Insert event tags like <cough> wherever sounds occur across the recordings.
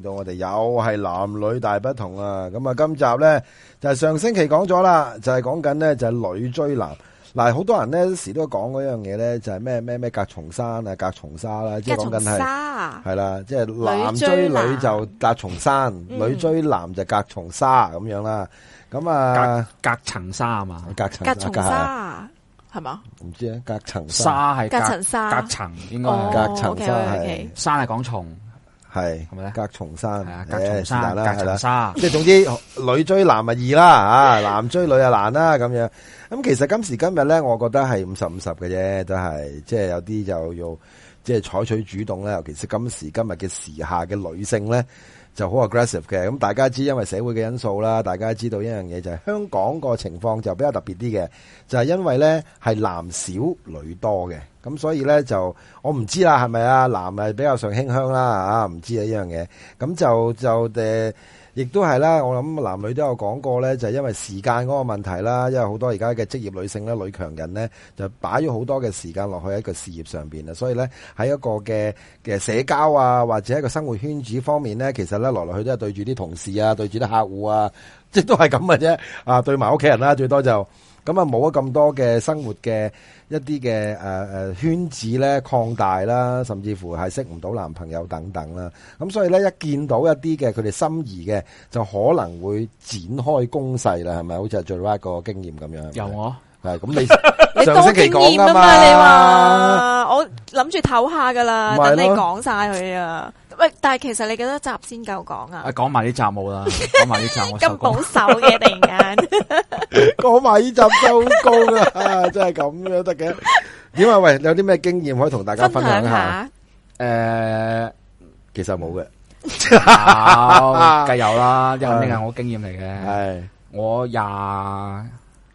到我哋又係男女大不同啊！咁啊，今集咧就係、是、上星期講咗啦，就係講緊咧就係女追男嗱，好多人咧有時都講嗰樣嘢咧就係咩咩咩隔重山啊，隔重紗啦，即係講緊係係啦，即、就、係、是就是、男追女就隔重山、嗯，女追男就隔重紗咁樣啦。咁、嗯、啊，隔層紗啊嘛，隔層紗係嘛？唔知啊，隔層紗係隔層紗，隔層應該係。哦、隔層是 okay, okay. 山係講重。係咁啊！隔重山，隔重山啦，隔重山。即係、啊啊、總之，女追男咪易啦，吓 <laughs> 男追女就難啊難啦，咁樣。咁其實今時今日咧，我覺得係五十五十嘅啫，都係即係有啲就要，即係採取主動咧。尤其是今時今日嘅時下嘅女性咧。就好 aggressive 嘅，咁大家知，因為社會嘅因素啦，大家知道一樣嘢就係香港個情況就比較特別啲嘅，就係因為呢係男少女多嘅，咁所以呢，就我唔知啦，係咪啊？男係比較上輕香啦啊，唔知啊呢樣嘢，咁就就誒。亦都係啦，我諗男女都有講過咧，就係因為時間嗰個問題啦，因為好多而家嘅職業女性咧，女強人咧，就擺咗好多嘅時間落去一個事業上邊啦，所以咧喺一個嘅嘅社交啊，或者一個生活圈子方面咧，其實咧來來去都係對住啲同事啊，對住啲客戶啊，即係都係咁嘅啫啊，對埋屋企人啦，最多就。咁啊，冇咗咁多嘅生活嘅一啲嘅誒誒圈子咧，擴大啦，甚至乎係識唔到男朋友等等啦。咁所以咧，一見到一啲嘅佢哋心儀嘅，就可能會展開攻勢啦，係咪？好似係最 last 個經驗咁樣。有我係咁，你上星期講經驗啊嘛，你話我諗住唞下噶啦，等你講晒佢啊。喂，但係其實你幾多集先夠講啊？講埋呢集冇啦，講埋呢集。咁保守嘅，突然間，講埋呢集都夠啦，真係咁樣得嘅。點啊？喂，有啲咩經驗可以同大家分享一下？誒，其實冇嘅，梗有啦。呢樣呢係我經驗嚟嘅。係我廿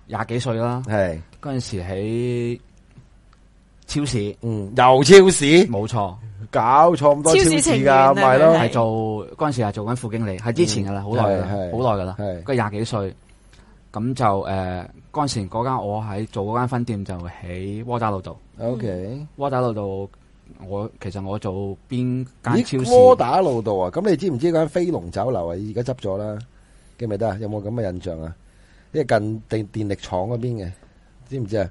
廿幾歲啦，係嗰陣時喺超市，嗯，又超市，冇錯。搞錯咁多超市㗎，咪咯是，係做嗰陣時係做緊副經理，係之前噶啦，好耐，好耐噶啦，佢廿幾歲，咁就誒，嗰、呃、陣時嗰間我喺做嗰間分店就喺窩打老道。OK 窩打老道，我其實我做邊間超市？窩打老道啊，咁你知唔知嗰間飛龍酒樓啊？而家執咗啦，記唔記得啊？有冇咁嘅印象啊？因為近電電力廠嗰邊嘅，知唔知啊？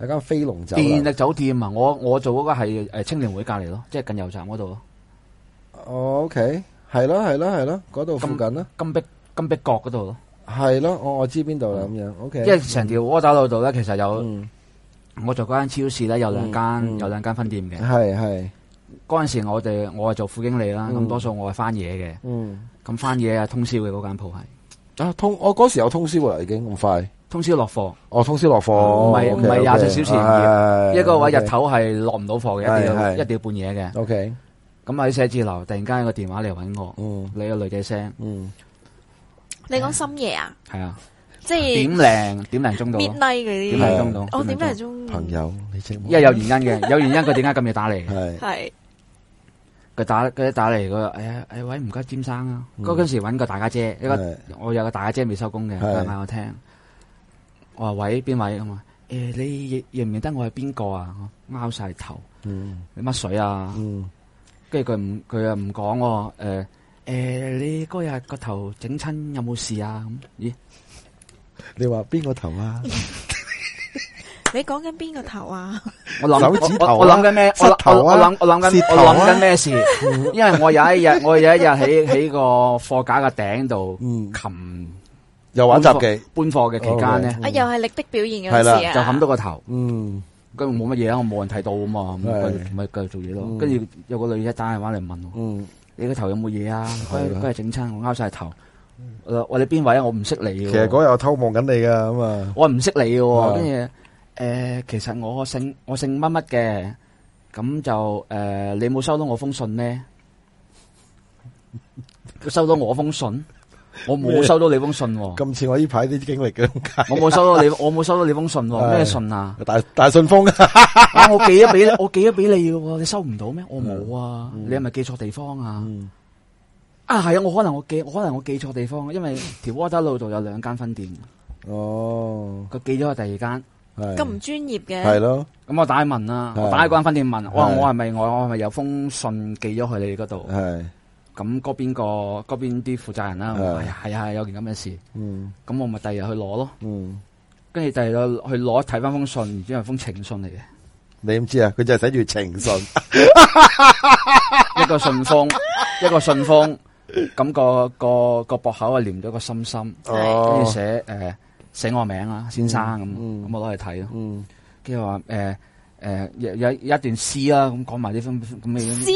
大家飛龍酒，電力酒店啊，我我做嗰個係誒青年會隔籬咯，即係近油站嗰度咯。OK，係咯係咯係咯，嗰度附近咯，金碧金碧角嗰度咯。係咯，我我知邊度啦咁樣。OK，即係成條窩打老道咧，其實有，嗯、我做嗰間超市咧，嗯嗯，有兩間有兩間分店嘅。係係，嗰陣時我哋我係做副經理啦，咁、嗯、多數我係翻嘢嘅。咁翻嘢啊通宵嘅嗰間鋪係啊通，我嗰時有通宵喎，已經咁快。通宵落課，哦，通宵落課，唔係唔係廿四小時營業，一、哎、個位日頭係落唔到課嘅，一定要、哎、一定要半夜嘅。O K，咁喺寫字樓突然間有個電話嚟搵我，你、嗯、嚟個女仔聲，你講深夜啊？係啊，即係點零點零鐘度，點零鐘度，哦點零鐘。朋友，你因為有原因嘅，有原因佢點解咁夜打嚟？係 <laughs> 佢打佢一打嚟嗰個，哎呀，哎喂，唔、哎、該，尖、哎、生啊，嗰、嗯、陣時搵個大家姐，一個我有個大家姐未收工嘅，佢嗌我聽。我話，喂，邊位咁啊？誒、欸，你認唔認得我係邊個啊？我拗晒頭，你、嗯、乜水啊？跟住佢唔佢又唔講，誒誒、欸，你嗰日個頭整親有冇事啊？咁咦？你話邊個頭啊？ <laughs> 你講緊邊個頭啊？我諗緊、手指頭啊、我諗緊咩？我諗緊諗我諗緊我諗緊咩事、嗯？因為我有一日 <laughs> 我有一日喺喺個貨架嘅頂度，擒、嗯。琴又玩雜技搬貨嘅期間咧，啊又係力的表現嗰陣時啊，就冚到個頭，嗯，跟住冇乜嘢啊，我冇人睇到啊嘛，咪繼續做嘢咯。跟住有個女仔打電話嚟問我，嗯，你個頭有冇嘢啊？佢佢係整親，我拗晒頭，誒，我你邊位啊？我唔識你。其實嗰日我偷望緊你噶，咁啊，我唔識你嘅，跟住誒，其實我姓我姓乜乜嘅，咁就誒，你冇收到我封信呢？佢收到我封信。我冇收到你封信。今次我呢排啲經歷嘅。我冇收到你，我冇收到你封信。咩信啊？大大信封。 <laughs> 啊，我寄咗俾，我寄咗俾你嘅。你收唔到咩、嗯？我冇啊。嗯、你係咪寄錯地方啊？嗯、啊，係啊。我可能我記我可能我寄錯地方。因為條窩打老道度有兩間分店。哦。佢寄咗去第二間。咁唔專業嘅。係咯。咁我打去問啦，我打去嗰間分店問。哇，我係咪我我係咪有封信寄咗去你嗰度？係。咁嗰邊個嗰邊啲負責人啦，係啊、哎、有件咁嘅事。咁、嗯、我咪第二日去攞咯。跟住第二日去攞睇翻封信，原係封情信嚟嘅。你唔知啊？佢就係寫住情信， <laughs> <laughs> 一個信封，一個信封。咁個個個薄口啊，粘咗個心心，跟、哦、住寫誒、呃、寫我名啦，先生咁。咁、嗯嗯、我攞嚟睇咯。跟住話誒。誒、呃，有有一段詩啦，咁講埋啲封咁嘅詩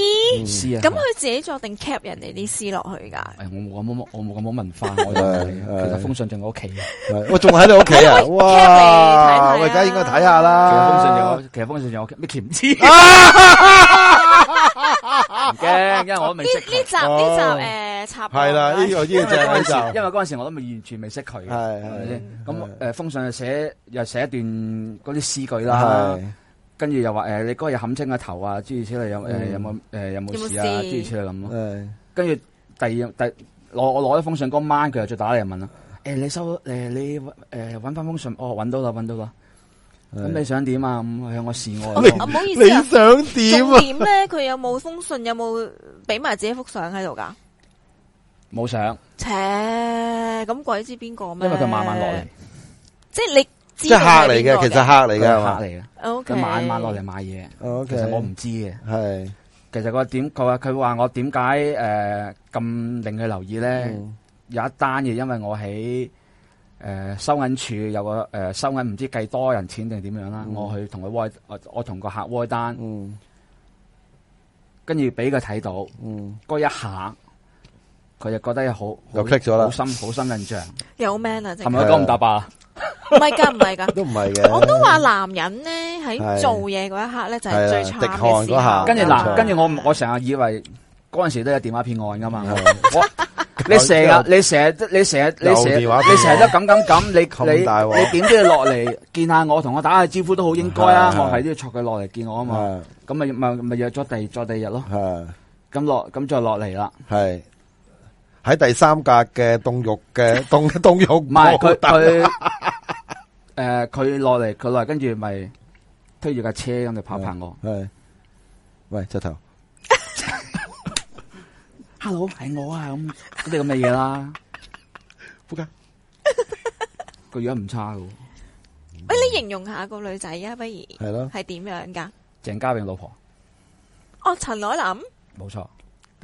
詩啊。咁佢、嗯、自己作定 cap 人哋啲詩落去噶、哎？我冇咁冇，我冇咁冇文化， <laughs> 我就沒有 <laughs> 其實封信就我屋企， <laughs> 我仲喺你屋企啊。哇，看看啊、我而家應該睇下啦。其實封信就我，其實封信就我，Micky 唔知唔驚， <laughs> <laughs> 因為我未識呢、哦、集呢、哦、集誒、呃、插。係啦，呢呢集，因為嗰陣時我都未完全未識佢。係咁誒，封信又寫又寫一段嗰啲詩句啦。跟住又話誒、欸，你嗰日冚清個頭啊？諸如此類有誒、嗯欸，有冇誒，有冇事啊？諸如此類咁咯。跟住第二第攞我攞咗封信，嗰晚佢又再打嚟問啦。誒、欸，你收誒、欸，你誒，搵、呃、翻封信，哦，搵到啦，搵到啦。咁、嗯、你想點啊？咁、嗯、向我示愛、啊哦？你、唔好意思啊、你想點啊？重點咧，佢有冇封信？有冇俾埋自己幅相喺度噶？冇相。切，咁鬼知邊個咩？因為佢慢慢落嚟。即係你。是即係客嚟嘅，其實客嚟嘅、嗯，客嚟嘅。O、okay. 一晚晚落嚟買嘢、okay.。其實我唔知嘅。係、呃，其實佢點佢話佢話我點解誒咁令佢留意咧、嗯？有一單嘢，因為我喺誒、呃、收銀處有個誒、呃、收銀，唔知計多人錢定點樣啦、嗯。我去同佢我同個客 w 單，嗯、跟住俾佢睇到。嗰、嗯、一下，佢就覺得好，又 click 咗啦，好深好深印象。有 man 啊，係咪講唔搭白？是唔係噶，唔係噶，都唔係嘅。我都話男人咧喺做嘢嗰一刻咧就係最慘嘅事。跟住男，跟住我，我成日以為嗰陣時都有電話騙案噶嘛。我你成日，你成日，你成日，你成日，你成日都咁咁咁。你你你點都要落嚟見下我，同我打下招呼都好應該啊。我係都要約佢落嚟見我啊嘛。咁咪咪咪約咗第，約第二日咯。咁落咁再落嚟啦。係。喺第三格嘅凍肉嘅凍凍肉，唔係佢佢誒，佢落嚟佢落，跟住咪推住架車咁就拍一拍我。係，喂，直頭，hello 係我啊，咁啲咁嘅嘢啦，扑街，個樣唔差噶。喂，你形容下個女仔啊，不如係咯，係點樣噶？鄭嘉穎老婆，哦，陳凱琳，冇錯。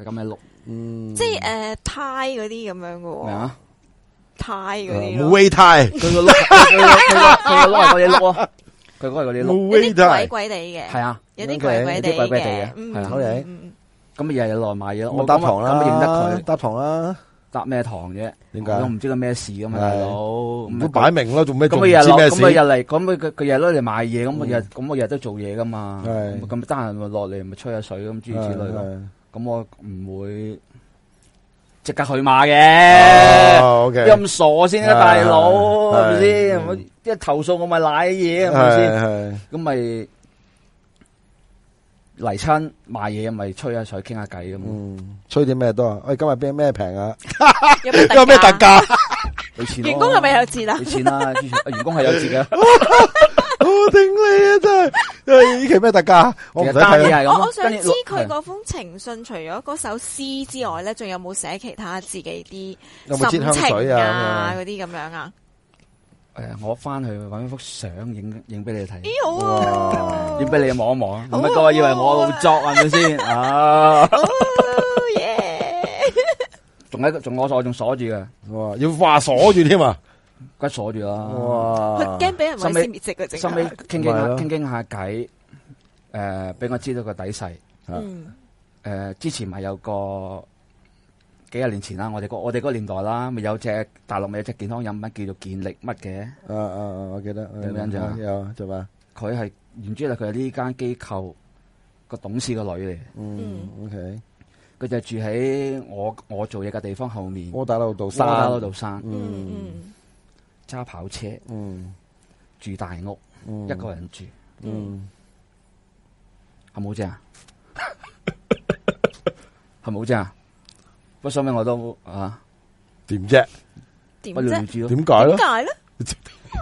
咁咩碌？嗯，即係誒，胎嗰啲咁樣嘅喎。咩啊？胎嗰啲。冇位胎，佢個碌，佢個佢個攞嚟嗰啲碌，佢嗰係嗰啲碌，有啲鬼鬼地嘅。係啊，有啲鬼鬼地嘅。係啊，好嘅。咁咪日日落買嘢，我搭堂啦，認得佢，搭堂啦，搭咩堂啫？點解？我唔知道咩事噶嘛。大佬，都擺明啦，做咩？咁咪日落，咁咪日嚟，咁佢佢日攞嚟買嘢，咁我日，咁我日都做嘢噶嘛。係。咁單人落嚟咪吹下水咁，諸如此類咯。咁我唔會即刻去罵，嘅，又、哦、咁、okay, 傻先，啊、啦，大佬係咪先？一投訴我咪賴嘢，係咪先？咁咪嚟親賣嘢，咪吹下水，傾下偈咁。吹啲咩多啊？誒，今日俾咩平啊？有咩特價？ <laughs> 有有特價 <laughs> 俾錢、俾錢、啊。員工係咪有折啊？俾錢啦！員工係有折啊 <laughs> 我頂你以我啊！真係呢期咩特價？我我我想知佢嗰封情信，除咗嗰首詩之外咧，仲有冇寫其他自己啲有冇啊？嗰啲咁樣啊誒、哎，我翻去搵幅相影影俾你睇。咦，好、欸、啊！影、哦、俾你望一望。唔該，以為我老作係咪先？啊，仲喺個仲我鎖仲鎖住嘅，要話鎖住添啊！ <laughs> 佢鎖住咯，佢驚俾人毀屍滅跡嘅啫。後尾傾傾傾傾下偈，誒，俾、呃、我知道個底細。誒、嗯呃，之前咪有個幾廿年前啦，我哋個我哋個年代啦，咪有隻大陸咪有隻健康飲品叫做健力乜嘅？啊啊啊！我記得點樣就？有佢係原之係佢係呢間機構個董事個女嚟。嗯，OK，佢就住喺我我做嘢嘅地方後面。窩打老道山。窩打老道山。嗯。嗯。揸跑車，嗯，住大屋，嗯、一個人住，嗯，係咪好正？係咪好正？ <laughs> 是不過收尾我都 <laughs> 啊，點啫？點點解咧？點解咧？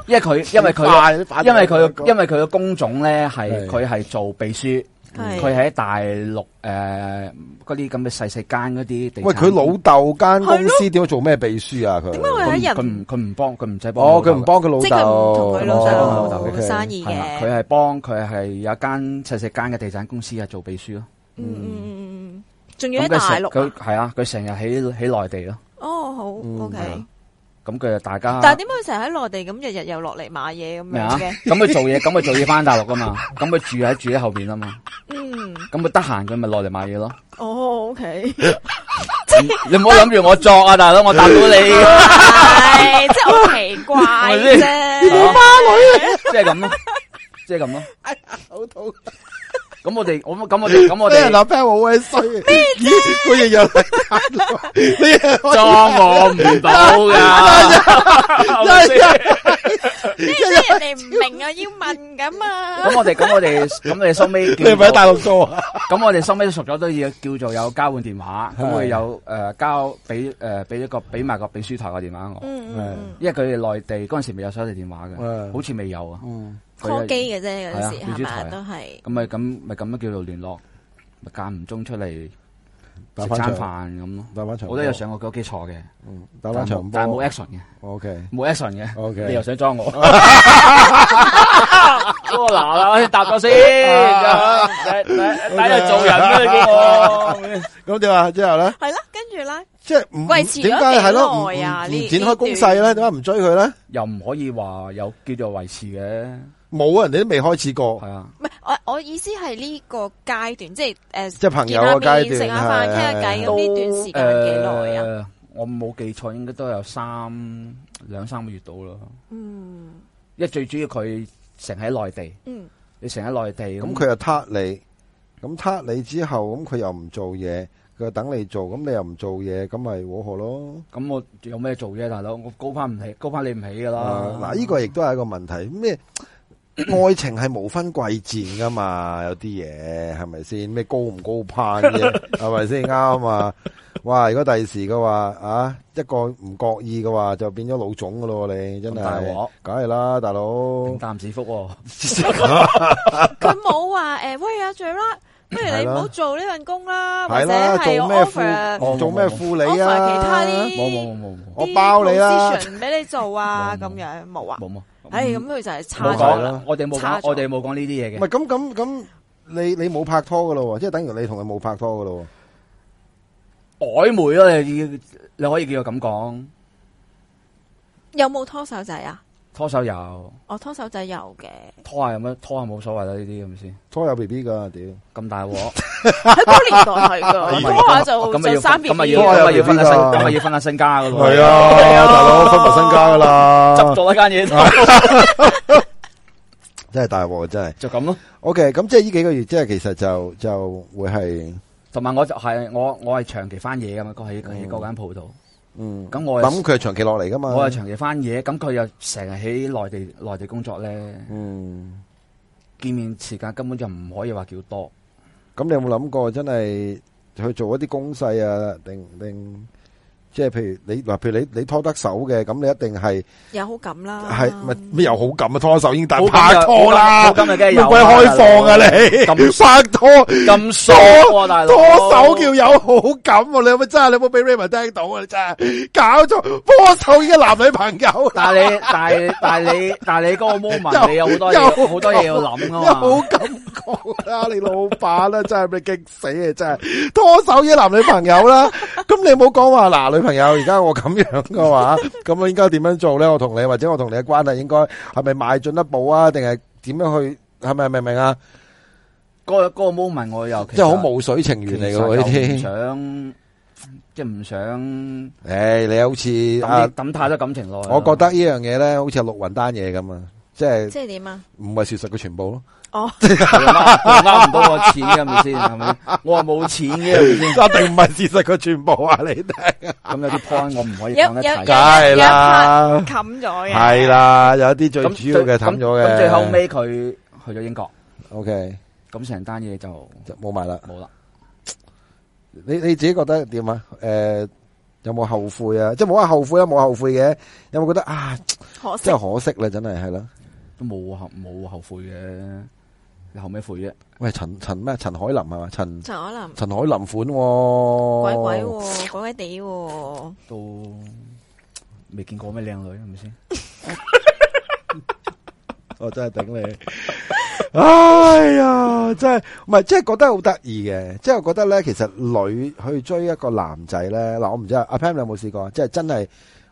因為佢， <laughs> 因為佢他， <laughs> 因為佢他， <laughs> 因為佢他嘅 <laughs> 他 <laughs> 他 <laughs> 他 <laughs> 工種咧，係佢係做秘書。佢、嗯、喺大陸誒嗰啲咁嘅細細間嗰啲地，喂佢老豆間公司點解做咩秘書啊？佢點解佢唔佢唔幫佢唔使幫哦佢唔幫佢老豆，佢同佢老豆佢老豆生意嘅佢係幫佢係有一間細細間嘅地產公司啊做秘書咯嗯嗯嗯嗯，仲、嗯、要喺大陸佢係啊佢成日喺喺內地咯哦好、嗯、OK。咁佢就大家，但係點解成日喺內地咁日日又落嚟買嘢咁樣嘅？咁佢做嘢，咁佢做嘢翻大陸噶嘛？咁佢住喺住喺後邊啊嘛？嗯，咁佢得閒佢咪落嚟買嘢咯？哦，OK，你唔好諗住我作啊，大佬，我答到你，係即係好奇怪啫，花女啊，即係咁咯，即係咁咯，哎呀，好肚。咁我哋，我咁我哋，咁我哋，啲人立牌好鬼衰，我認人，啲人裝我唔到噶，啲人嚟唔明啊，要問噶嘛？咁我哋，咁我哋，咁我哋收尾，你係咪喺大陸做啊？咁我哋收尾熟咗都要叫做有交換電話，咁會有誒交俾誒俾一個俾埋個秘書台個電話我，因為佢哋內地嗰陣時未有手提電話嘅，好似未有啊。call 機嘅啫，有時係嘛、啊啊啊、都係咁咪咁咪咁樣叫做聯絡咪間唔中出嚟食餐飯咁咯打翻場，打場我都有上過我屋企坐嘅打翻場打換換換，但係冇 action 嘅 ok 冇 action 嘅 ok 你又想裝我嗱你、uh -huh. <laughs> <laughs> <laughs> 答我、uh -huh. <laughs> <laughs> 我先喺度、uh -huh. okay. 做人啦你咁點啊，之後咧係啦，跟住咧，即係唔維持點解係咯，唔唔展開攻勢咧，點解唔追佢咧？又唔可以話有叫做維持嘅。 <laughs> <laughs> 是呢 <laughs> 冇啊！人哋都未開始過，啊，係啊，唔係我我意思係呢個階段，即係誒，呃、即朋友階段。見面食下飯，傾下偈咁，呢段時間幾耐啊？呃、我冇記錯，應該都有三兩三個月到咯。嗯，因為最主要佢成喺內地，嗯，你成喺內地咁，佢、嗯、又撻你，咁撻你之後，咁佢又唔做嘢，佢等你做，咁你又唔做嘢，咁咪和何咯？咁我有咩做啫，大佬？我高攀唔起，高攀你唔起噶啦。嗱、嗯、呢、嗯啊這個亦都係一個問題咩？愛情係無分貴賤噶嘛，有啲嘢係咪先咩高唔高攀嘅係咪先啱啊嘛？哇！如果第二時嘅話啊，一個唔覺意嘅話就變咗老總噶咯，你真係，梗係啦，大佬淡自福，佢冇話誒，喂阿 Jared，不如你唔好做呢份工啦，或者係 offer，做咩副理啊？其他啲冇冇冇冇，我包你啦，俾你做啊，咁樣冇啊冇冇。唉、嗯，咁、嗯、佢、嗯、就係差咗啦，我哋冇講，我哋冇講呢啲嘢嘅。唔係咁咁咁，你你冇拍拖噶咯？即、就、係、是、等於你同佢冇拍拖噶咯。曖昧啊你，你可以叫佢咁講。有冇拖手仔啊？拖手有，我拖手仔有嘅。拖下，拖下有乜拖下冇所謂啦呢啲咁先？拖有 B B 噶，屌咁大鑊。喺嗰 <laughs> 年代係噶、 <laughs> 啊啊，拖下就就三年。咁啊要，咁啊要分下身，咁啊，啊要分下身家噶喎。係 <laughs> 啊，大佬分埋身家噶啦，執咗一間嘢 <laughs> <laughs> 。真係大鑊，真係就咁咯。O K，咁即係呢幾個月，即係其實就就會係，同埋我就係我我係長期翻嘢噶嘛，喺嗰間鋪度。嗯，咁我諗佢係長期落嚟噶嘛？我係長期翻嘢，咁佢又成日喺內地內地工作咧，嗯，見面時間根本就唔可以話叫多。咁你有冇諗過真係去做一啲攻勢啊？定定？即係譬如你，嗱譬如你，你拖得手嘅，咁你一定係有好感啦。係咪咩有好感啊？拖手已經拍拖啦，今日梗係要開放啊？你拍拖咁疏拖手叫有好感，你有冇真啊？你有冇俾 Raymond 聽到啊？真係搞錯，拖手已經男女朋友。但係你但係但係你但係你嗰個 moment，你有好多嘢好多嘢要諗噶嘛？有感覺啊！你老闆咧真係俾激死啊！真係拖手已經男女朋友啦。咁你冇講話嗱女。女朋友，而家我咁樣嘅話，咁我應該點樣做咧？我同你或者我同你嘅關係應該係咪邁進一步啊？定係點樣去？係咪明唔明啊？嗰嗰個 moment 我又即係好霧水情緣嚟嘅呢啲，即係唔想。誒，你好似啊？抌太多感情落去。我覺得呢樣嘢咧，好似係落雲單嘢咁啊！即係即係點啊？唔係事實嘅全部咯。哦 <laughs> 我是是，我攞唔到我錢嘅咪先？係咪？我話冇錢嘅，一定唔係事實。佢全部話你，咁 <laughs> 有啲 point 我唔可以講得齊。有有有 part 冚咗係啦，有啲最主要嘅冚咗嘅。最，最後尾，佢去咗英國。OK，咁成單嘢就冇埋啦，冇啦。你你自己覺得點啊？誒、呃，有冇後悔啊？即係冇話後悔啊，冇後悔嘅。有冇覺得啊？可惜，真係可惜啦，真係係咯，都冇後冇後悔嘅。你後尾悔啫，喂，陳陳咩陳海林係嘛？陳陳海林陳海鬼款，哦，鬼鬼鬼鬼地，都未見過咩靚女係咪先？是是 <laughs> <laughs> 我真係頂你！哎呀，真係唔係，即係覺得好得意嘅，即係覺得咧，其實女去追一個男仔咧，嗱我唔知阿、啊、p a m 有冇試過，即係真係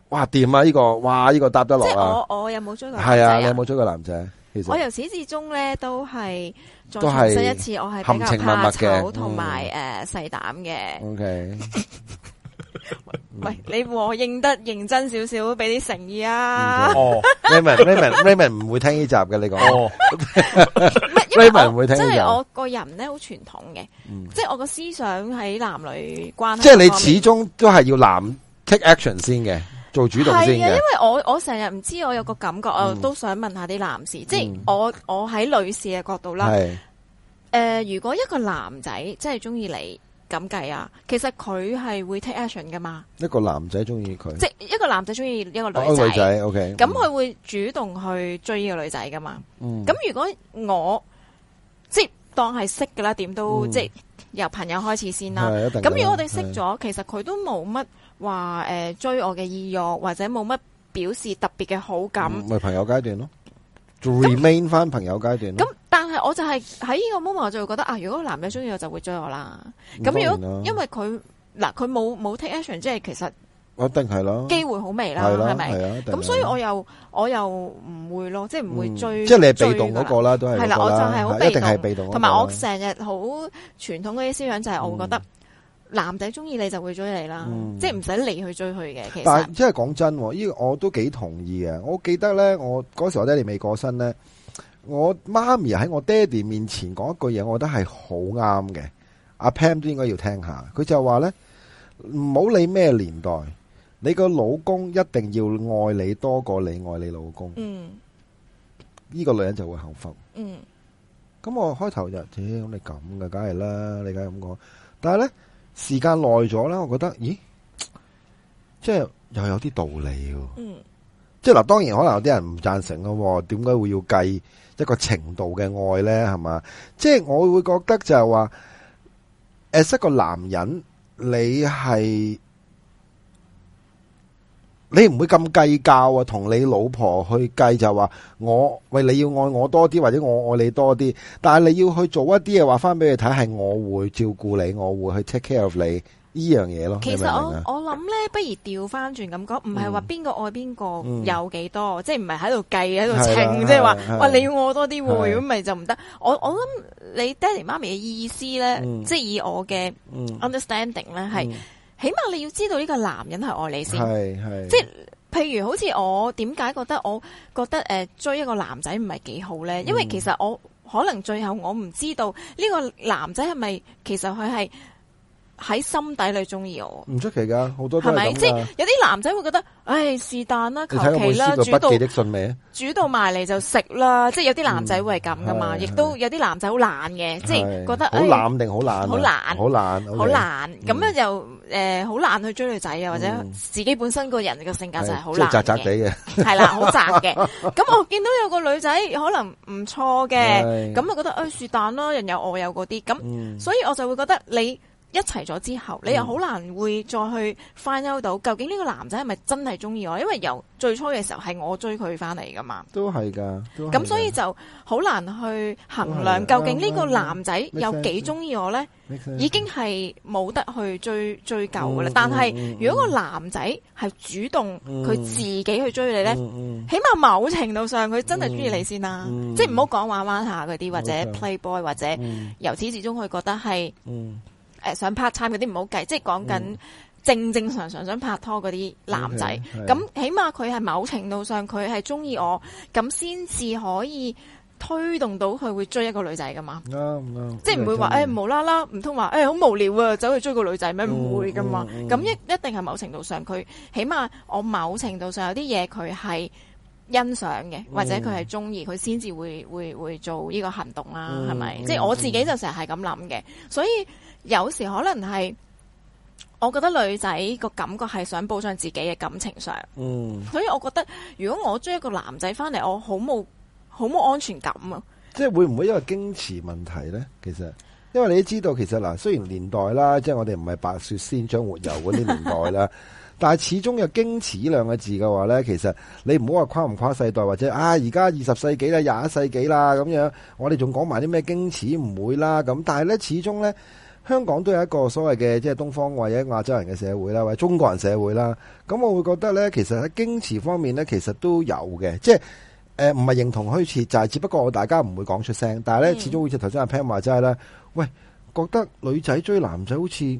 哇掂啊呢、這個，哇呢、這個搭得落啊！我我有冇追個係啊？有冇追個男仔？我由始至終咧都係再重申一次，含情密密我係比較怕醜同埋誒細膽嘅。OK，喂，你和應得認真少少，俾啲誠意啊、okay. oh.！Raymond，Raymond，Raymond 唔會聽呢集嘅，你講哦。Raymond 唔會聽呢集。即係我個人咧好傳統嘅、嗯，即係我個思想喺男女關係。即係你始終都係要男 take action 先嘅。係啊，因為我我成日唔知，我有個感覺，嗯、我都想問下啲男士，嗯、即係我我喺女士嘅角度啦。誒、嗯呃，如果一個男仔即係中意你咁計啊，其實佢係會 take action 噶嘛？一個男仔中意佢，即係一個男仔中意一個女仔。咁、哦、佢、okay, 嗯、會主動去追呢個女仔噶嘛？咁、嗯、如果我即係當係識噶啦，點都、嗯、即係由朋友開始先啦。咁如果我哋識咗，其實佢都冇乜。話誒、呃、追我嘅意欲或者冇乜表示特別嘅好感，嗯，咪、就是，朋友階段咯，remain 翻朋友階段。咁但係我就係喺呢個 moment，我就會覺得啊，如果男嘅中意我，就會追我啦。咁、嗯、如果因為佢嗱，佢、啊、冇冇 take action，即係其實我一定係咯，機會好微啦，係咪？咁、啊啊、所以我又我又唔會咯，嗯，即係唔會追。即係你係被動嗰，那個啦，都係係啦，我就係好被動。一定係被動。同埋我成日好傳統嗰啲思想就係我會覺得、嗯。男仔中意你就會追你啦，嗯，即係唔使你去追佢嘅。其實但，真係講真，呢個我都幾同意嘅。我記得咧，我嗰時我爹哋未過身咧，我媽咪喺我爹哋面前講一句嘢，我覺得係好啱嘅。阿、啊、Pam 都應該要聽下，佢就話咧，唔好理咩年代，你個老公一定要愛你多過你愛你老公。嗯，呢、這個女人就會幸福。嗯，咁我開頭就天咁你咁嘅，梗係啦，你梗係咁講，但係咧。時間耐咗呢，我覺得，咦，咦即係又有啲道理。嗯，即係嗱，當然可能有啲人唔贊成咯。點解會要計一個程度嘅愛咧？係嘛，即係我會覺得就係話，誒，識個男人你係。你唔會咁計較啊，同你老婆去計就話我，喂，你要愛我多啲，或者我愛你多啲，但係你要去做一啲嘢，話翻俾佢睇，係我會照顧你，我會去 take care of 你呢樣嘢咯。其實我我諗咧，不如調翻轉咁講，唔係話邊個愛邊個有幾多、嗯嗯，即係唔係喺度計喺度稱，即係話喂，你要我多啲，如果唔係就唔得。我我諗你爹哋媽咪嘅意思咧、嗯，即係以我嘅 understanding 咧係。嗯嗯起碼你要知道呢個男人係愛你先，係係，即係譬如好似我點解覺得我覺得誒、呃、追一個男仔唔係幾好咧？嗯、因為其實我可能最後我唔知道呢個男仔係咪其實佢係。喺心底你中意我，唔出奇噶，好多都係咁啦。係咪即係有啲男仔會覺得，唉，是但啦，求其啦，煮到的順味，煮到埋嚟就食啦。即係有啲男仔會係咁噶嘛，亦都有啲男仔好懶嘅，即係覺得好懶定好懶，好懶，好懶，好懶咁樣又誒好懶去追女仔啊，或者自己本身個人嘅性格就係好懶，宅宅哋嘅，係啦，好宅嘅。咁我見到有個女仔可能唔錯嘅，咁啊覺得唉是但囉，人有我有嗰啲咁，所以我就會覺得你。一齊咗之後，你又好難會再去 find out 到究竟呢個男仔係咪真係中意我？因為由最初嘅時候係我追佢翻嚟噶嘛，都係噶。咁、嗯、所以就好難去衡量究竟呢個男仔有幾中意我呢？嗯嗯嗯、已經係冇得去追追究噶啦。但係如果個男仔係主動佢自己去追你呢、嗯嗯嗯，起碼某程度上佢真係中意你先啦。嗯嗯、即係唔好講玩玩下啲或者 playboy 或者由始至終佢覺得係、嗯。嗯想拍親嗰啲唔好計，即係講緊正正常常想拍拖嗰啲男仔，咁起碼佢係某程度上佢係中意我，咁先至可以推動到佢會追一個女仔噶嘛？No, no, 即係唔會話誒、yeah. 欸、無啦啦，唔通話誒好無聊啊，走去追個女仔咩？唔、mm-hmm. 會噶嘛。咁一一定係某程度上，佢起碼我某程度上有啲嘢佢係欣賞嘅，mm-hmm. 或者佢係中意佢先至會會,會,會做呢個行動啦，係咪？即係我自己就成日係咁諗嘅，所以。有時可能係，我覺得女仔個感覺係想保障自己嘅感情上，嗯，所以我覺得如果我追一個男仔翻嚟，我好冇好冇安全感啊！即係會唔會因為矜持問題呢？其實，因為你都知道，其實嗱，雖然年代啦，即係我哋唔係白雪仙掌活油嗰啲年代啦， <laughs> 但係始終有矜持兩個字嘅話呢，其實你唔好話跨唔跨世代，或者啊，而家二十世紀啦，廿一世紀啦咁樣，我哋仲講埋啲咩矜持唔會啦咁，但係呢，始終呢。香港都有一個所謂嘅即係東方或者亞洲人嘅社會啦，或者中國人社會啦。咁我會覺得呢，其實喺矜持方面呢，其實都有嘅，即係誒唔係認同虛設，就係、是、只不過我大家唔會講出聲，但係呢，嗯、始終好似頭先阿 Pan 話即係呢，喂覺得女仔追男仔好似。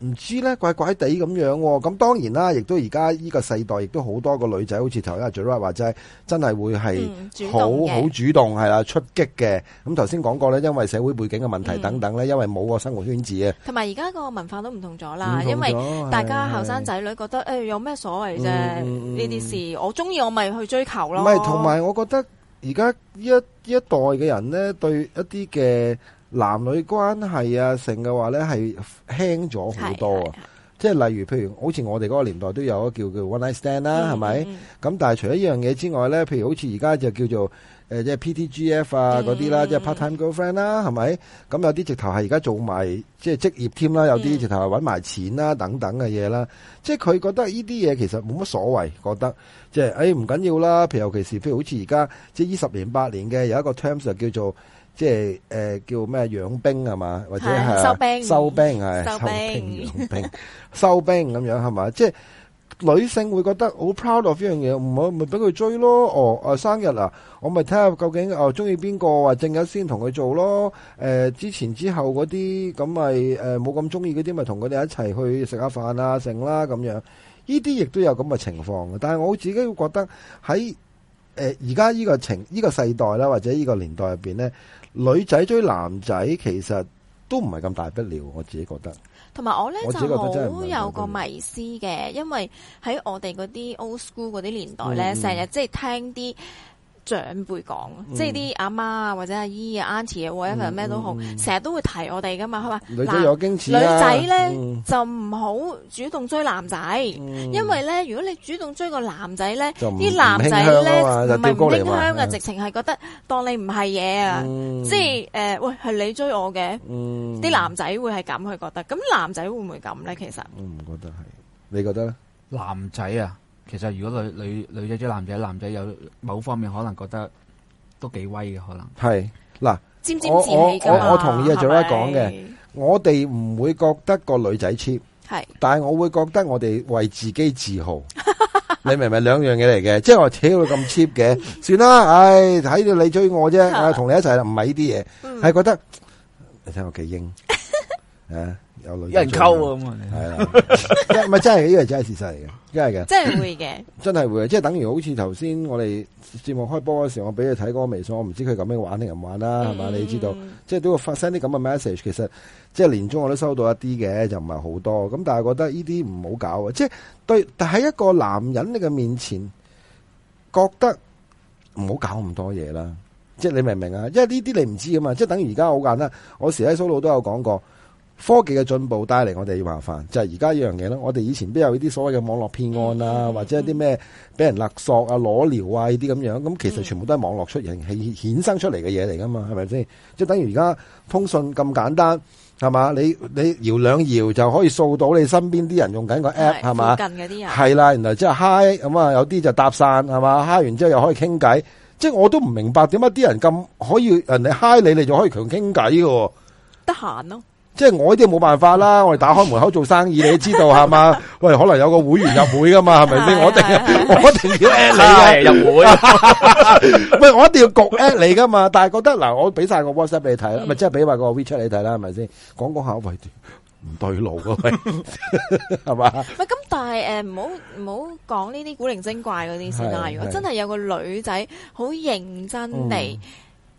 唔知咧，怪怪地咁樣、喔。咁當然啦，亦都而家呢個世代亦都好多個女仔，好似頭先阿 Joey 話齋，真係會係好好主動係啦，出擊嘅。咁頭先講過咧，因為社會背景嘅問題等等咧、嗯，因為冇個生活圈子啊。同埋而家個文化都唔同咗啦，因為大家後生仔女覺得誒、哎，有咩所謂啫？呢、嗯、啲事我中意，我咪去追求咯。唔係，同埋我覺得而家呢一呢一代嘅人咧，對一啲嘅。男女關係啊，成嘅話咧係輕咗好多啊！即係例如，譬如好似我哋嗰個年代都有一叫叫 one night stand 啦、嗯，係咪？咁但係除咗呢樣嘢之外咧，譬如好似而家就叫做、呃、即係 PTGF 啊嗰啲、嗯、啦，即係 part time girlfriend 啦，係咪？咁有啲直頭係而家做埋即係職業添啦，有啲直頭係揾埋錢啦等等嘅嘢啦。即係佢覺得呢啲嘢其實冇乜所謂，覺得即係、哎、係誒唔緊要啦。譬如尤其是譬如好似而家即係依十年八年嘅有一個 terms 就叫做。即係誒、呃，叫咩養兵係嘛，或者係收兵，收兵啊收兵養兵，收兵咁 <laughs> 樣係嘛？即係女性會覺得好 proud of 呢樣嘢，唔好唔俾佢追咯。哦、啊，生日啊，我咪睇下究竟哦，中意邊個，話正咁先同佢做咯。誒、呃、之前之後嗰啲咁咪誒冇咁中意嗰啲咪同佢哋一齊去食下飯啊剩啦咁樣。呢啲亦都有咁嘅情況，但係我自己會覺得喺。誒，而家呢個情，呢個世代啦，或者呢個年代入邊咧，女仔追男仔其實都唔係咁大不了，我自己覺得。同埋我咧就好有個迷思嘅，因為喺我哋嗰啲 old school 嗰啲年代咧，成日即係聽啲。長輩講、嗯，即係啲阿媽啊，或者阿姨啊、uncle 啊 whatever 咩都好，成日都會提我哋噶嘛。係、嗯、咪？女仔有矜持啊，女仔咧就唔好主動追男仔、嗯，因為咧如果你主動追個男仔咧，啲男仔咧唔係拎香嘅，不不香直情係覺得當你唔係嘢啊，即係誒、呃、喂係你追我嘅，啲、嗯、男仔會係咁去覺得。咁男仔會唔會咁咧？其實會會我唔覺得係，你覺得咧？男仔啊？其實如果女女女仔、啲男仔、男仔有某方面可能覺得都幾威嘅，可能係嗱，沾沾自喜噶嘛。我同意阿 Joy 講嘅，我哋唔會覺得個女仔 cheap，係，但係我會覺得我哋為自己自豪。 <laughs> 你明唔明兩樣嘢嚟嘅？ <laughs> 即係我睇到咁 cheap 嘅，算啦，唉、哎，睇到你追我啫，同、 <laughs> 啊、你一齊啦，唔係呢啲嘢，係、嗯、覺得你睇我幾英？ <laughs> 啊有，有人溝啊咁啊， <laughs> 係啊，唔係真係呢個真係事實嚟嘅，真係嘅，真係會嘅，真係會嘅，即係等於好似頭先我哋節目開波嘅時候，我俾你睇嗰個微信，我唔知佢咁樣玩定唔玩啦，係、嗯、嘛？你知道，即係都會發生 n 啲咁嘅 message，其實即係年中我都收到一啲嘅，就唔係好多咁，但係覺得呢啲唔好搞啊，即係對，但喺一個男人你嘅面前，覺得唔好搞咁多嘢啦，即係你明唔明啊？因為呢啲你唔知噶嘛，即係等於而家好簡單，我時喺蘇老都有講過。科技嘅進步帶嚟我哋麻煩，就係而家依樣嘢咯。我哋以前都有呢啲所謂嘅網絡騙案啊、嗯，或者一啲咩俾人勒索啊、裸聊啊呢啲咁樣，咁其實全部都係網絡出現係、嗯、衍生出嚟嘅嘢嚟噶嘛，係咪先？即係等於而家通訊咁簡單，係嘛？你你搖兩搖就可以掃到你身邊啲人用緊個 app，係嘛？附近嘅啲人係啦，然後即係 hi 咁啊，有啲就搭訕，係嘛，嗨完之後又可以傾偈。即係我都唔明白點解啲人咁可以人哋嗨你，你就可以強傾偈嘅，得閒咯。即係我呢啲冇辦法啦，我哋打開門口做生意，你都知道係嘛？喂，可能有個會員入會噶嘛，係咪先？我定我一定要 at 你嘅入會，喂，我一定要焗 at 你噶嘛。但係覺得嗱，我俾晒個 WhatsApp 俾你睇啦，咪即係俾埋個 WeChat 你睇啦，係咪先？講講下，喂，唔對路，喂，係嘛？唔係咁，但係誒，唔好唔好講呢啲古靈精怪嗰啲事啦。如果真係有個女仔好認真地。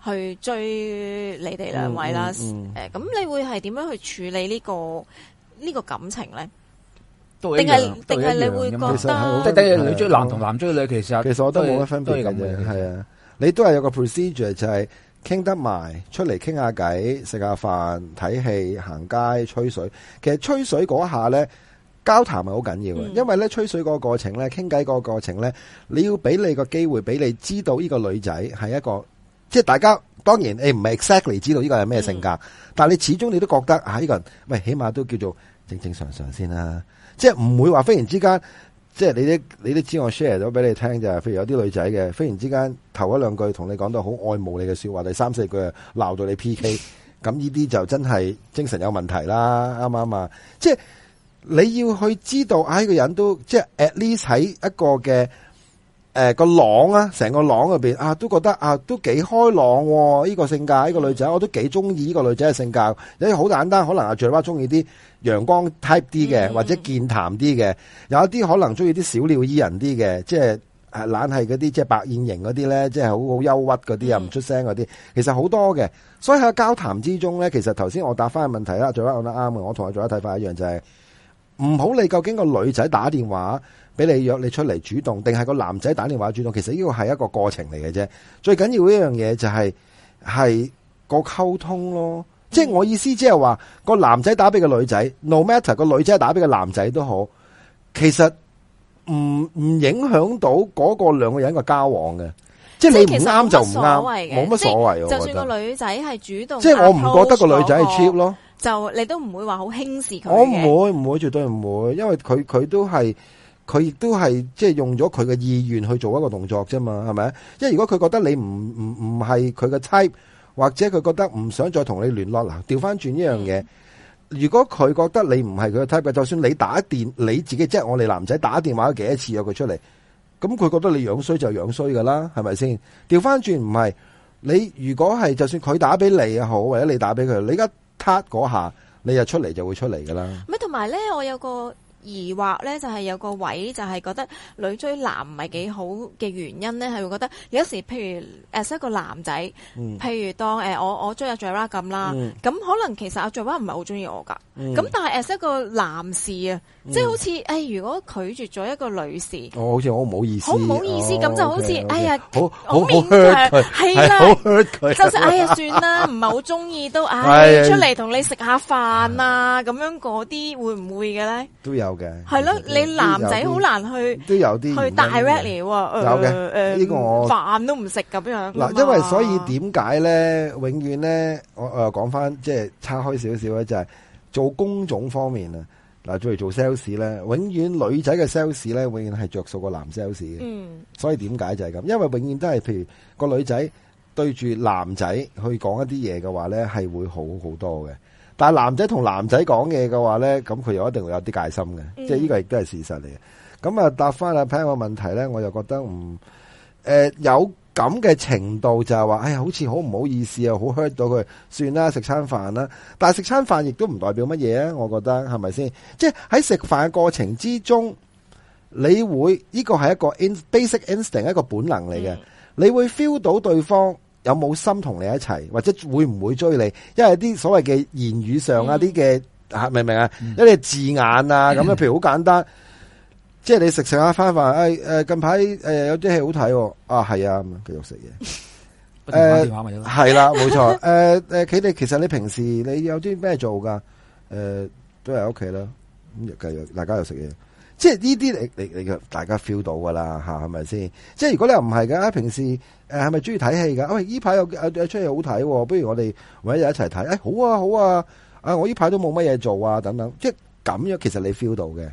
去追你哋兩位啦，誒、嗯，咁、嗯啊、你會係點樣去處理呢、呢個呢、呢個感情咧？定係定係你會覺得？定係女追男同男追女其，其實其實我都冇乜分別咁樣，係啊，你都係有個 procedure 就係傾得埋出嚟傾下偈，食下飯、睇戲、行街、吹水。其實吹水嗰一下咧，交談係好緊要嘅、嗯，因為咧吹水個過程咧、傾偈個過程咧，你要俾你個機會俾你知道呢個女仔係一個。即係大家當然你唔係 exactly 知道呢個係咩性格，mm -hmm. 但係你始終你都覺得啊，呢個人喂，起碼都叫做正正常常先啦、啊，即係唔會話忽然之間即係你啲你都知我 share 咗俾你聽就係，譬如有啲女仔嘅，忽然之間頭一兩句同你講到好愛慕你嘅說話，第三四句鬧到你 PK，咁呢啲就真係精神有問題啦，啱唔啱啊？即係你要去知道，啊，呢個人都即係 at least 喺一個嘅。誒、呃，個朗啊，成個朗入邊啊，都覺得啊，都幾開朗喎、啊！呢、這個性格呢、這個女仔，我都幾中意呢個女仔嘅性格。有啲好簡單，可能阿聚花中意啲陽光 type 啲嘅，或者健談啲嘅；有一啲可能中意啲小鳥依人啲嘅，即係誒懶係嗰啲，即係白燕型嗰啲咧，即係好好憂鬱嗰啲啊，唔出聲嗰啲。其實好多嘅，所以喺交談之中咧，其實頭先我答翻嘅問題啦，聚花講得啱嘅，我同阿聚花睇法一樣，就係唔好理究竟個女仔打電話。俾你約你出嚟主動，定係個男仔打電話主動？其實呢個係一個過程嚟嘅啫。最緊要一樣嘢就係係個溝通咯。嗯、即係我意思，即係話個男仔打俾個女仔，no matter 個女仔打俾個男仔都好，其實唔唔影響到嗰個兩個人嘅交往嘅。即係你唔啱就唔啱，冇乜所謂。就算個女仔係主動，即係我唔覺得個女仔係 cheap 咯。就你都唔會話好輕視佢嘅。我唔會，唔會，絕對唔會，因為佢佢都係。佢亦都係，即係用咗佢嘅意願去做一個動作啫嘛，係咪？因為如果佢覺得你唔唔唔係佢嘅 type，或者佢覺得唔想再同你聯絡，嗱，調翻轉呢樣嘢。如果佢覺得你唔係佢嘅 type，就算你打電，你自己即係、就是、我哋男仔打電話幾多次約佢出嚟，咁佢覺得你樣衰就樣衰噶啦，係咪先？調翻轉唔係你，如果係就算佢打俾你又好，或者你打俾佢，你而家 cut 嗰下，你又出嚟就會出嚟噶啦。同埋呢，我有個疑惑咧就係、是、有個位就係覺得女追男唔係幾好嘅原因咧，係會覺得有時，譬如 As 一個男仔，嗯，譬如當誒、呃、我我追阿 Zara 咁啦，咁、嗯、可能其實阿 Zara 唔係好中意我㗎，咁、嗯、但係 As 一個男士啊。即係好似，誒，如果拒絕咗一個女士，我好似好唔好意思，好唔好意思，咁就好似，哎呀，好好勉強，係啦，好客氣，就算，哎呀，算啦，唔係好中意都，哎，出嚟同你食下飯啊，咁樣嗰啲會唔會嘅咧？都有嘅，係咯，你男仔好難去都有啲去 directly 喎，有嘅，誒，呢個我飯都唔食咁樣嗱，因為所以點解咧，永遠咧，我我誒講翻，即係差開少少咧，就係做工種方面啊。嗱，做嚟做 sales 咧，永遠女仔嘅 sales 咧，永遠係着數過男 sales 嘅。嗯，所以點解就係咁？因為永遠都係譬如個女仔對住男仔去講一啲嘢嘅話咧，係會好好多嘅。但係男仔同男仔講嘢嘅話咧，咁佢又一定會有啲戒心嘅、嗯。即係呢個亦都係事實嚟嘅。咁啊，答翻阿 Pan 嘅問題咧，我就覺得唔，誒、呃、有。咁嘅程度就係、是、話，哎呀，好似好唔好意思啊，好 hurt 到佢，算啦，食餐飯啦。但係食餐飯亦都唔代表乜嘢啊，我覺得係咪先？即係喺食飯嘅過程之中，你會呢個係一個 basic instinct 一個本能嚟嘅，嗯、你會 feel 到對方有冇心同你一齊，或者會唔會追你？因為啲所謂嘅言語上、嗯、啊，啲嘅吓明唔明啊？一、嗯、啲字眼啊，咁樣，嗯、譬如好簡單。即係你食食下返飯，誒誒，近排誒有啲戲好睇。哦，啊係啊，繼續食嘢。誒係啦，冇 <laughs> 錯。誒誒，佢 <laughs> 哋、呃、其實你平時你有啲咩做噶？誒、呃，都喺屋企啦。咁又繼續，大家又食嘢。即係呢啲你你你大家 feel 到噶啦吓，係咪先？即係如果你又唔係㗎，平時誒係咪中意睇戲噶？喂，呢、哎、排有，有出戲好睇。哦，不如我哋揾日一齊睇。誒、哎，好啊好啊，啊我呢排都冇乜嘢做啊，等等。即係咁樣，其實你 feel 到嘅。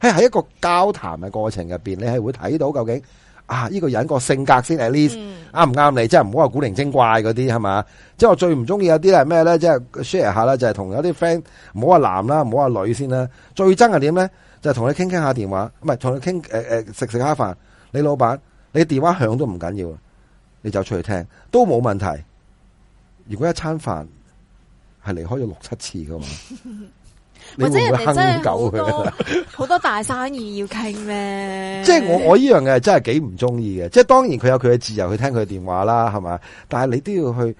喺、hey, 喺一個交談嘅過程入邊，你係會睇到究竟啊呢、這個人個性格先，at least 啱唔啱你？即係唔好話古靈精怪嗰啲係嘛？即係我最唔中意有啲係咩咧？即係 share 下啦，就係同有啲 friend，唔好話男啦，唔好話女先啦。最憎係點咧？就係、是、同你傾傾下電話，唔係同你傾誒誒食食下飯。你老闆，你電話響都唔緊要，你就出去聽都冇問題。如果一餐飯係離開咗六七次㗎嘛。 <laughs> 或者人哋真係好多，好 <laughs> 多大生意要傾咩？即係我我依樣嘢真係幾唔中意嘅。即係當然佢有佢嘅自由去聽佢嘅電話啦，係嘛？但係你都要去，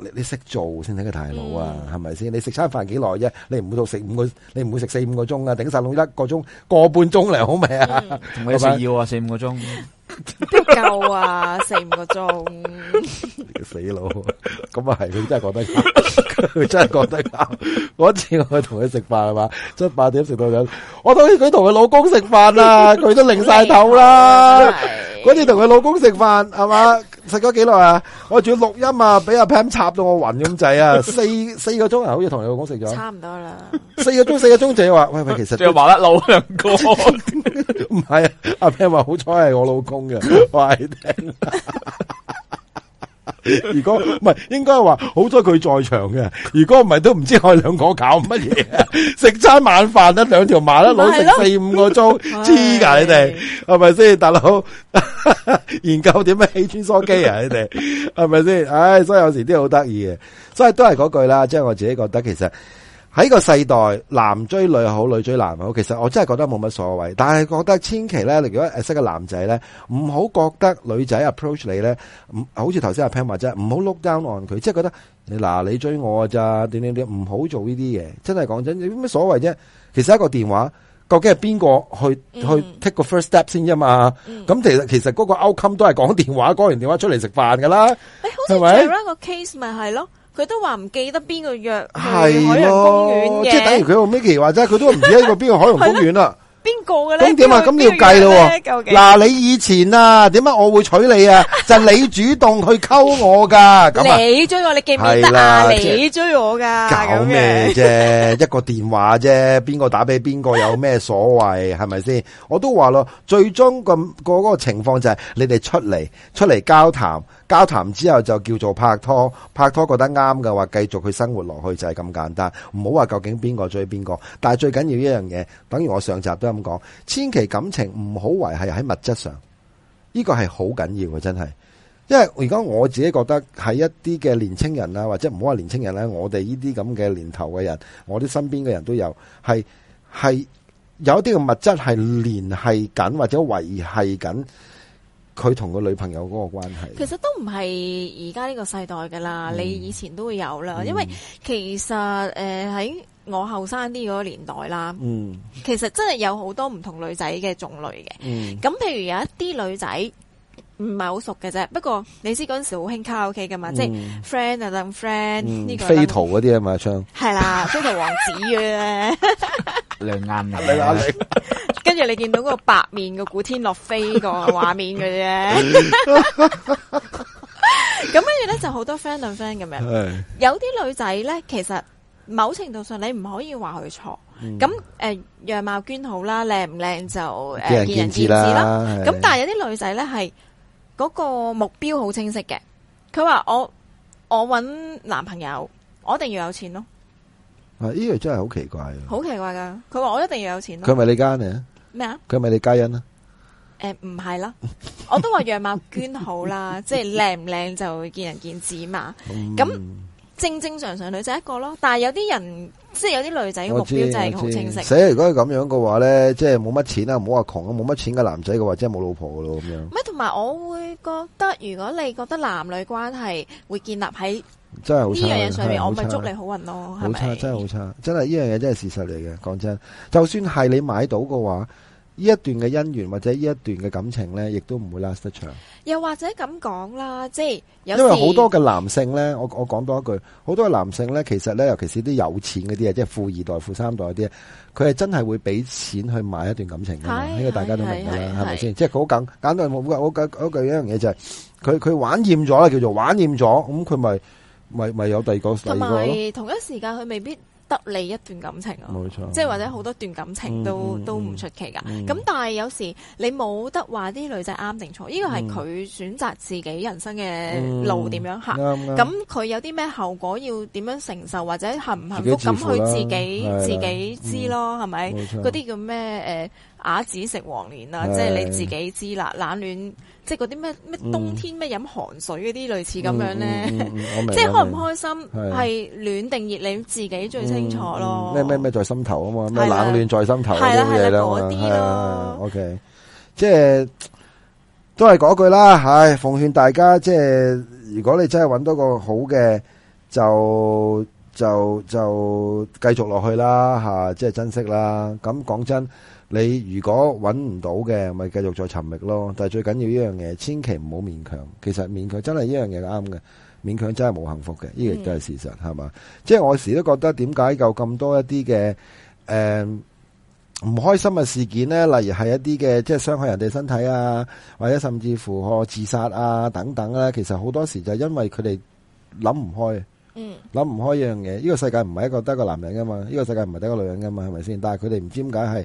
你你識做先得嘅大佬啊，係咪先？你食餐飯幾耐啫？你唔會到食五個，你唔會食四五個鐘啊？頂晒籠一個鐘，個半鐘嚟好味啊？我、嗯、食要啊，四五個鐘、嗯。 <laughs> 都夠啊，四五個鐘。死佬，咁啊係，佢真係講得啱，佢真係講得啱。嗰次我去同佢食飯，係嘛，七八點食到咁，我好似佢同佢老公食飯啦，佢都擰晒頭啦。嗰次同佢老公食飯，係嘛，食咗幾耐啊？我仲要錄音啊，俾阿 Pam 插到我暈咁滯啊，四四個鐘啊，好似同佢老公食咗。差唔多啦，四個鐘四個鐘就話，喂喂，其實即係麻甩佬兩個，唔係阿 Pam 話好彩係我老公。話你聽，如果唔係，應該話好彩佢在場嘅。如果唔係，都唔知我哋兩個搞乜嘢，食餐晚飯得兩條麻甩佬 <laughs> 食四五個鐘，黐噶你哋係咪先？大佬研究點樣起天梭機啊？你哋係咪先？唉、 <laughs> 啊哎，所以有時啲好得意嘅，所以都係嗰句啦，即係我自己覺得其實。喺個世代，男追女好，女追男好，其實我真係覺得冇乜所謂。但係覺得千祈咧，你如果識個男仔咧，唔好覺得女仔 approach 你咧，唔好似頭先阿 Pam 話啫，唔好 look down on 佢，即係覺得你嗱你追我啊咋？點點點，唔好做呢啲嘢。真係講真，你乜所謂啫？其實一個電話，究竟係邊個去去 take 個 first step 先啫嘛？咁其實其實嗰個 outcome 都係講電話，講完電話出嚟食飯㗎啦。誒，好似第二個 case 咪係咯？佢都話唔記得邊個約係洋、哦、即係等於佢個 Micky 話齋，佢 <laughs> 都唔記得個邊個海洋公園啦。邊個嘅咧？咁點啊？咁你要計咯喎！嗱，你以前啊，點解我會娶你啊？ <laughs> 就係你主動去溝我噶，咁啊，你追我，你記唔記得啊？啦你追我噶，搞咩啫？ <laughs> 一個電話啫，邊個打俾邊個有咩所謂？係咪先？我都話咯，最終個個嗰個情況就係你哋出嚟出嚟交談，交談之後就叫做拍拖，拍拖覺得啱嘅話，繼續去生活落去就係咁簡單。唔好話究竟邊個追邊個，但係最緊要一樣嘢，等於我上集都有。咁講，千祈感情唔好維繫喺物質上，呢個係好緊要嘅，真係。因為如果我自己覺得喺一啲嘅年青人呀，或者唔好話年青人啦，我哋呢啲咁嘅年頭嘅人，我啲身邊嘅人都有，係係有啲嘅物質係連繫緊或者維繫緊佢同個女朋友嗰個關係。嗯，其實都唔係而家呢個世代噶啦，你以前都會有啦。因為其實誒喺。呃在我後生啲嗰個年代啦、嗯，其實真係有好多唔同女仔嘅種類嘅。咁、嗯、譬如有一啲女仔唔係好熟嘅啫，不過你知嗰陣時好興卡拉 OK 噶嘛，即係 friend 啊，friend 呢、嗯這個飛圖嗰啲啊嘛，唱係啦，飛 <laughs> 圖王子嘅， <laughs> <laughs> <laughs> <laughs> 你啱啊，阿跟住你見到嗰個白面嘅古天樂飛個畫面嘅啫，咁跟住咧就好多 friend 啊 friend 咁樣， <laughs> 有啲女仔咧其實。某程度上，你唔可以話佢錯。咁誒，樣貌娟好啦，靚唔靚就誒見仁見智啦。咁但係有啲女仔咧係嗰個目標好清晰嘅。佢話我我揾男朋友，我一定要有錢咯。啊，呢個真係好奇怪啊！好奇怪噶，佢話我一定要有錢咯。佢係咪你家呢？咩啊？佢係咪你家人啊？誒，唔係啦，我都話樣貌娟好啦，即係靚唔靚就見仁見智嘛。咁。正正常常女仔一個咯，但係有啲人即係、就是、有啲女仔目標真係好清晰。寫如果係咁樣嘅話咧，即係冇乜錢呀，唔好話窮啊，冇乜錢嘅男仔嘅話，即係冇老婆嘅咯咁樣。咩？同埋我會覺得，如果你覺得男女關係會建立喺真係好呢樣嘢上面，我咪祝你好運咯。好差，差，真係好差，真係呢樣嘢真係事實嚟嘅。講真，就算係你買到嘅話。呢一段嘅姻緣或者呢一段嘅感情咧，亦都唔會 last 得長。又或者咁講啦，即係因為好多嘅男性咧，我我講多一句，好多嘅男性咧，其實咧，尤其是啲有錢嗰啲啊，即係富二代、富三代嗰啲，佢係真係會俾錢去買一段感情嘅，呢個、哎、個大家都明白啦，係咪先？即係好簡簡單，我我我句一樣嘢就係，佢佢玩厭咗啦，叫做玩厭咗，咁佢咪咪咪有第二個第二個。同一時間佢未必。得你一段感情啊，即係或者好多段感情都、嗯嗯嗯、都唔出奇噶。咁、嗯、但係有時你冇得話啲女仔啱定錯，呢個係佢選擇自己人生嘅路點樣行。咁、嗯、佢有啲咩後果要點樣承受，或者幸唔幸福，咁佢自己自，自，己，自己知咯，係、嗯、咪？嗰啲叫咩誒？啞子食黃連啦，即係你自己知啦。冷暖即係嗰啲咩咩冬天咩飲寒水嗰啲類似咁樣咧，即係開唔開心係暖定熱，你自己最清楚咯。咩咩咩在心頭啊嘛，咩冷暖在心頭啊啲嘢、係啊係啊係啊係啊 okay、啦。嗰啲咯，OK，即係都係嗰句啦吓，奉勸大家，即係如果你真係揾到個好嘅，就就就繼續落去啦吓、啊，即係珍惜啦。咁講真。你如果揾唔到嘅，咪繼續再尋覓咯。但係最緊要呢樣嘢，千祈唔好勉強。其實勉強真係呢樣嘢啱嘅，勉強真係冇幸福嘅，呢個都係事實，係、嗯、嘛？即係我時時都覺得，點解有咁多一啲嘅誒唔開心嘅事件呢？例如係一啲嘅，即係傷害人哋身體啊，或者甚至乎嗬自殺啊等等呢、啊。其實好多時就係因為佢哋諗唔開，諗、嗯、唔開呢樣嘢。呢、這個世界唔係一個得一個男人噶嘛，呢、這個世界唔係得一個女人噶嘛，係咪先？但係佢哋唔知點解係。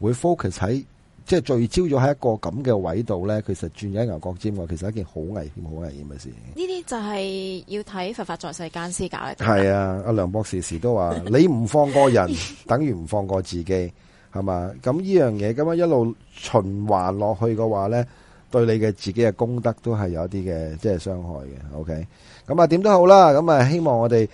會 focus 喺，即係聚焦咗喺一個咁嘅位度咧，其實轉咗牛角尖嘅，其實一件好危險、好危險嘅事。呢啲就係要睇佛法在世間思教嘅。係啊，阿梁博士時都話， <laughs> 你唔放過人，等於唔放過自己，係嘛？咁呢樣嘢咁樣一路循環落去嘅話咧，對你嘅自己嘅功德都係有啲嘅，即係傷害嘅。OK，咁啊，點都好啦，咁啊，希望我哋。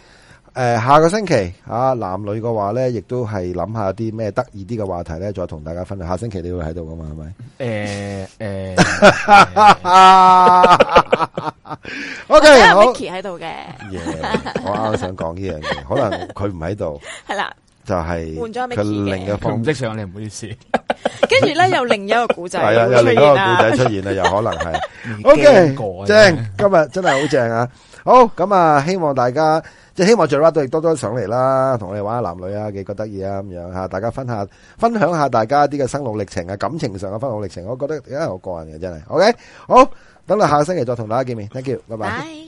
誒、呃，下個星期、啊、男女嘅話咧，亦都係諗下啲咩得意啲嘅話題咧，再同大家分享。下星期你會喺度噶嘛？係、欸、咪？誒誒，O K，Vicky 喺度嘅， <laughs> 啊、 <laughs> okay, 我啱啱、yeah, <laughs> 想講呢樣嘢，可能佢唔喺度，係啦，就係換咗佢另一方式上嚟，唔好意思。跟住咧，又另一個古仔出現啦，又可能係。O K，正，今日真係好正啊！好咁啊，希望大家即係希望聚啦，都亦多多上嚟啦，同我哋玩下男女啊，幾覺得意啊咁樣吓，大家分下分享下大家一啲嘅生路歷程啊，感情上嘅分路歷程，我覺得真係好過癮嘅，真係。O K，好，等我下個星期再同大家見面。Thank you，拜拜。